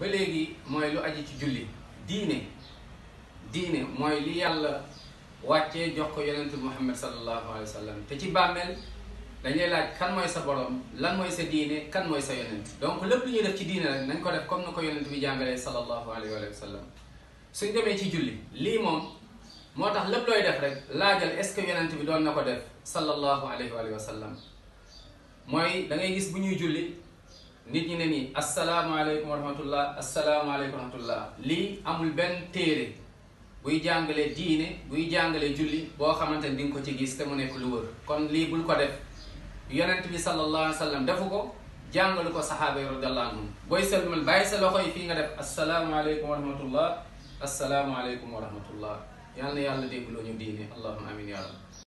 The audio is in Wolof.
ba léegi mooy lu aji ci julli diine diine mooy li yàlla wàccee jox ko yonent bi muhammad sallallahu alayhi wa sallam te ci bàmmeel dañuy laaj kan mooy sa borom lan mooy sa diine kan mooy sa yonent donc lépp lu ñuy def ci diine rek nañ ko def comme na ko yonent bi jàngalee sallallahu alayhi wa sallam suñ demee ci julli lii moom moo tax lépp looy def rek laajal est ce que yonent bi doon na ko def sallallahu alayhi wa sallam mooy da gis bu ñuy julli nit ñi ne nii asalaamaaleykum wa rahmatullah asalaamaaleykum wa rahmatullah lii amul benn téere buy jàngale diine buy jàngale julli boo xamante ni di ko ci gis te mu nekk lu wër kon lii bul ko def yonent bi sallallahu alayhi wa sallam defu ko jàngalu ko saxaaba yi radiyallahu anhum booy sëlmal bàyyi sa loxo yi fii nga def asalaamaaleykum wa rahmatullah wa rahmatullah yal yàlla déggloo diine allahuma amin ya rabbi